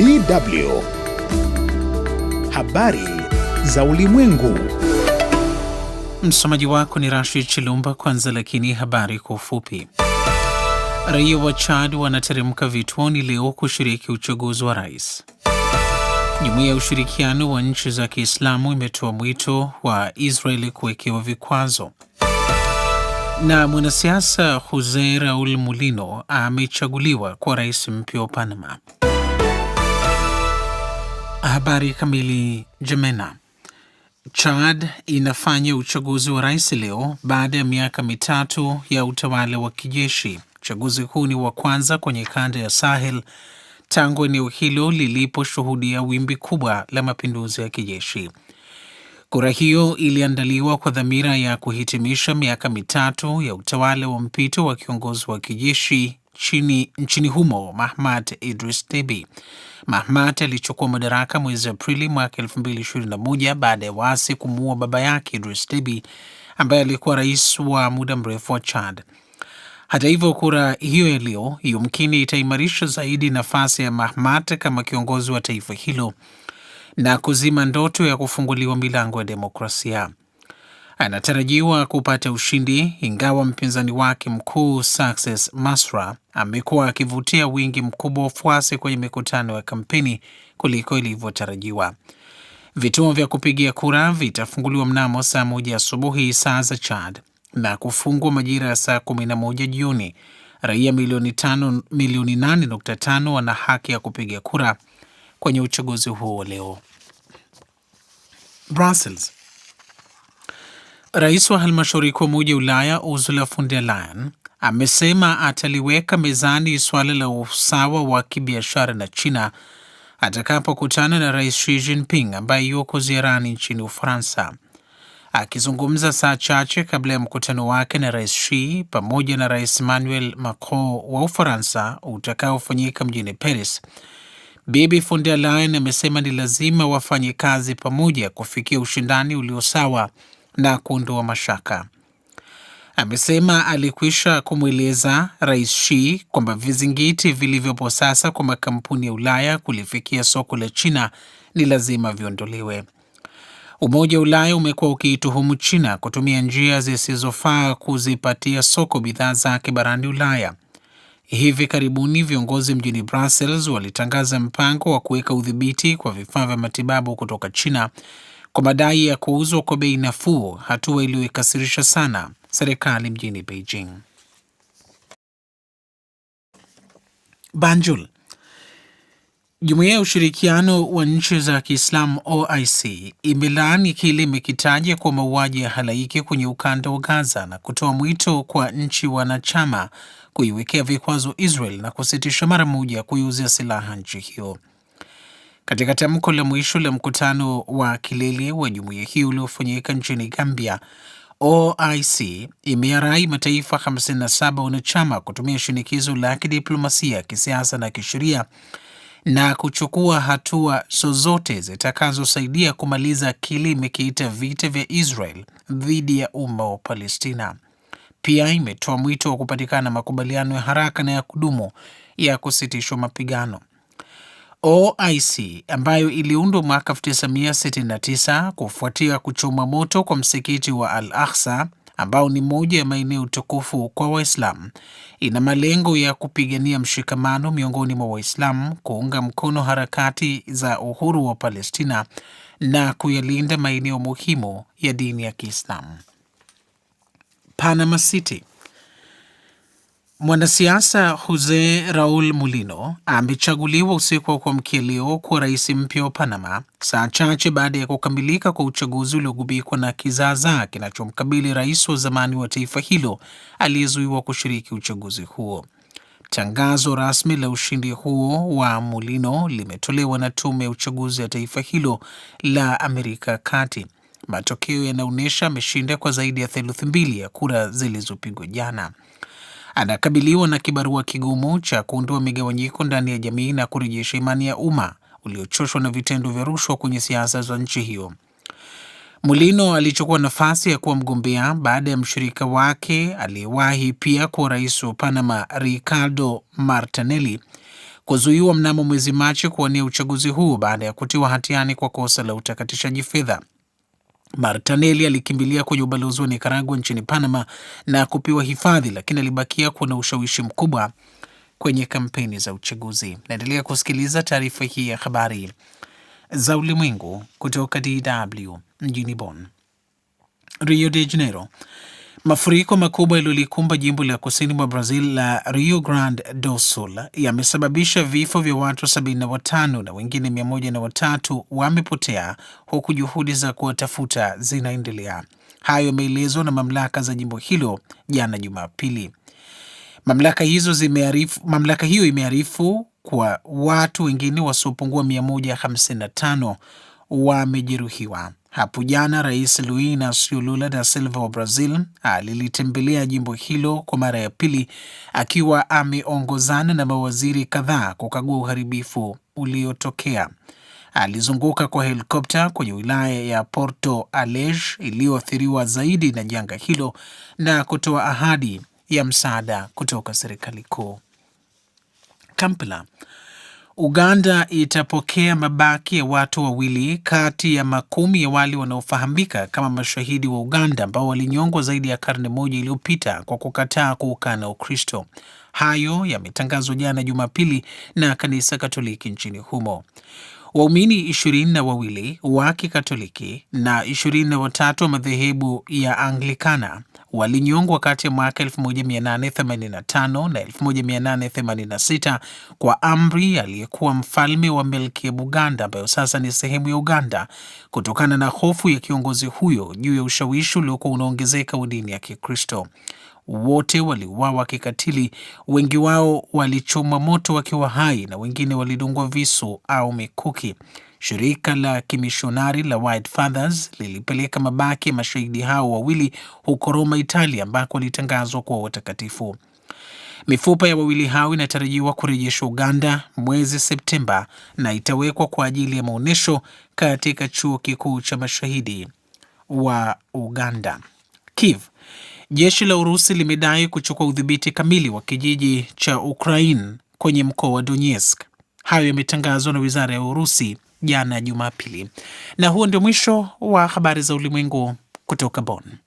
DW. Habari za Ulimwengu. Msomaji wako ni Rashid Chilumba. Kwanza lakini habari kwa ufupi. Raia wa Chad wanateremka vituoni leo kushiriki uchaguzi wa rais. Jumuiya ya ushirikiano wa nchi za Kiislamu imetoa mwito wa Israeli kuwekewa vikwazo. Na mwanasiasa Jose Raul Mulino amechaguliwa kwa rais mpya wa Panama. Habari kamili. Jemena. Chad inafanya uchaguzi wa rais leo baada ya miaka mitatu ya utawala wa kijeshi. Uchaguzi huu ni wa kwanza kwenye kanda ya Sahel tangu eneo hilo liliposhuhudia wimbi kubwa la mapinduzi ya kijeshi. Kura hiyo iliandaliwa kwa dhamira ya kuhitimisha miaka mitatu ya utawala wa mpito wa kiongozi wa kijeshi nchini, nchini humo Mahmad Idris Deby. Mahmad alichukua madaraka mwezi Aprili mwaka moja baada ya waasi kumuua baba yake Idris Deby ambaye alikuwa rais wa muda mrefu wa Chad. Hata hivyo, kura hiyo ya leo yumkini itaimarisha zaidi nafasi ya Mahmad kama kiongozi wa taifa hilo na kuzima ndoto ya kufunguliwa milango ya demokrasia anatarajiwa kupata ushindi ingawa mpinzani wake mkuu Success Masra amekuwa akivutia wingi mkubwa wa wafuasi kwenye mikutano ya kampeni kuliko ilivyotarajiwa. Vituo vya kupigia kura vitafunguliwa mnamo saa moja asubuhi saa za Chad na kufungwa majira ya saa 11 jioni. Raia milioni 8.5 wana haki ya kupiga kura kwenye uchaguzi huo leo. Brussels. Rais wa halmashauri kuu Umoja Ulaya Ursula von der Leyen amesema ataliweka mezani suala la usawa wa kibiashara na China atakapokutana na Rais Xi Jinping ambaye yuko ziarani nchini Ufaransa. Akizungumza saa chache kabla ya mkutano wake na Rais Xi pamoja na Rais Emmanuel Macron wa Ufaransa utakaofanyika mjini Paris, Bibi von der Leyen amesema ni lazima wafanye kazi pamoja kufikia ushindani ulio sawa na kuondoa mashaka. Amesema alikwisha kumweleza Rais Xi kwamba vizingiti vilivyopo sasa kwa makampuni ya Ulaya kulifikia soko la China ni lazima viondolewe. Umoja wa Ulaya umekuwa ukiituhumu China kutumia njia zisizofaa kuzipatia soko bidhaa zake barani Ulaya. Hivi karibuni viongozi mjini Brussels walitangaza mpango wa kuweka udhibiti kwa vifaa vya matibabu kutoka China kwa madai ya kuuzwa kwa bei nafuu, hatua iliyoikasirisha sana serikali mjini Beijing. Banjul. Jumuiya ya ushirikiano wa nchi za Kiislamu OIC imelaani kile imekitaja kwa mauaji ya halaiki kwenye ukanda wa Gaza na kutoa mwito kwa nchi wanachama kuiwekea vikwazo Israel na kusitisha mara moja kuiuzia silaha nchi hiyo. Katika tamko la mwisho la mkutano wa kilele wa jumuiya hiyo uliofanyika nchini Gambia, OIC imearai mataifa 57 wanachama kutumia shinikizo la kidiplomasia, kisiasa na kisheria na kuchukua hatua zozote zitakazosaidia kumaliza kile imekiita vita vya Israel dhidi ya umma wa Palestina. Pia imetoa mwito wa kupatikana makubaliano ya haraka na ya kudumu ya kusitishwa mapigano. OIC ambayo iliundwa mwaka 1969 kufuatia kuchoma moto kwa msikiti wa Al Aqsa ambao ni moja ya maeneo tukufu kwa Waislamu, ina malengo ya kupigania mshikamano miongoni mwa Waislamu, kuunga mkono harakati za uhuru wa Palestina na kuyalinda maeneo muhimu ya dini ya Kiislamu. Panama City Mwanasiasa Jose Raul Mulino amechaguliwa usiku wa kuamkia leo kuwa rais mpya wa Panama, saa chache baada ya kukamilika kwa uchaguzi uliogubikwa na kizaazaa kinachomkabili rais wa zamani wa taifa hilo aliyezuiwa kushiriki uchaguzi huo. Tangazo rasmi la ushindi huo wa Mulino limetolewa na tume ya uchaguzi ya taifa hilo la Amerika Kati. Matokeo yanaonyesha ameshinda kwa zaidi ya theluthi mbili ya kura zilizopigwa jana anakabiliwa na kibarua kigumu cha kuondoa migawanyiko ndani ya jamii na kurejesha imani ya umma uliochoshwa na vitendo vya rushwa kwenye siasa za nchi hiyo. Mulino alichukua nafasi ya kuwa mgombea baada ya mshirika wake aliyewahi pia kuwa rais wa Panama Ricardo Martinelli kuzuiwa mnamo mwezi Machi kuwania uchaguzi huu baada ya kutiwa hatiani kwa kosa la utakatishaji fedha. Martinelli alikimbilia kwenye ubalozi wa nikaragua nchini Panama na kupewa hifadhi, lakini alibakia kuwa na ushawishi mkubwa kwenye kampeni za uchaguzi. Naendelea kusikiliza taarifa hii ya habari za ulimwengu kutoka DW mjini Bonn. Rio de Janeiro Mafuriko makubwa yaliyolikumba jimbo la kusini mwa Brazil la Rio Grande do Sul yamesababisha vifo vya watu 75 na wengine 103 wamepotea huku juhudi za kuwatafuta zinaendelea. Hayo yameelezwa na mamlaka za jimbo hilo jana Jumapili. Mamlaka hizo zimearifu, mamlaka hiyo imearifu kwa watu wengine wasiopungua 155 wamejeruhiwa. Hapo jana Rais Luiz Inacio Lula da Silva wa Brazil alilitembelea jimbo hilo kwa mara ya pili akiwa ameongozana na mawaziri kadhaa kukagua uharibifu uliotokea. Alizunguka kwa helikopta kwenye wilaya ya Porto Alegre iliyoathiriwa zaidi na janga hilo na kutoa ahadi ya msaada kutoka serikali kuu. Kampala Uganda itapokea mabaki ya watu wawili kati ya makumi ya wale wanaofahamika kama mashahidi wa Uganda ambao walinyongwa zaidi ya karne moja iliyopita kwa kukataa kuukana Ukristo. Hayo yametangazwa jana Jumapili na kanisa Katoliki nchini humo. Waumini ishirini na wawili wa Kikatoliki na ishirini na watatu wa madhehebu ya Anglikana walinyongwa kati ya mwaka 1885 na 1886 kwa amri aliyekuwa mfalme wa milki ya Buganda ambayo sasa ni sehemu ya Uganda, kutokana na hofu ya kiongozi huyo juu ya ushawishi uliokuwa unaongezeka wa dini ya Kikristo wote waliuawa kikatili, wengi wao walichoma moto wakiwa hai na wengine walidungwa visu au mikuki. Shirika la kimishonari la White Fathers lilipeleka mabaki ya mashahidi hao wawili huko Roma, Italia, ambako walitangazwa kuwa watakatifu. Mifupa ya wawili hao inatarajiwa kurejeshwa Uganda mwezi Septemba na itawekwa kwa ajili ya maonyesho katika chuo kikuu cha mashahidi wa Uganda Kiev Jeshi la Urusi limedai kuchukua udhibiti kamili wa kijiji cha Ukraine kwenye mkoa wa Donetsk. Hayo yametangazwa na wizara ya Urusi jana Jumapili. Na huo ndio mwisho wa habari za ulimwengu kutoka Bonn.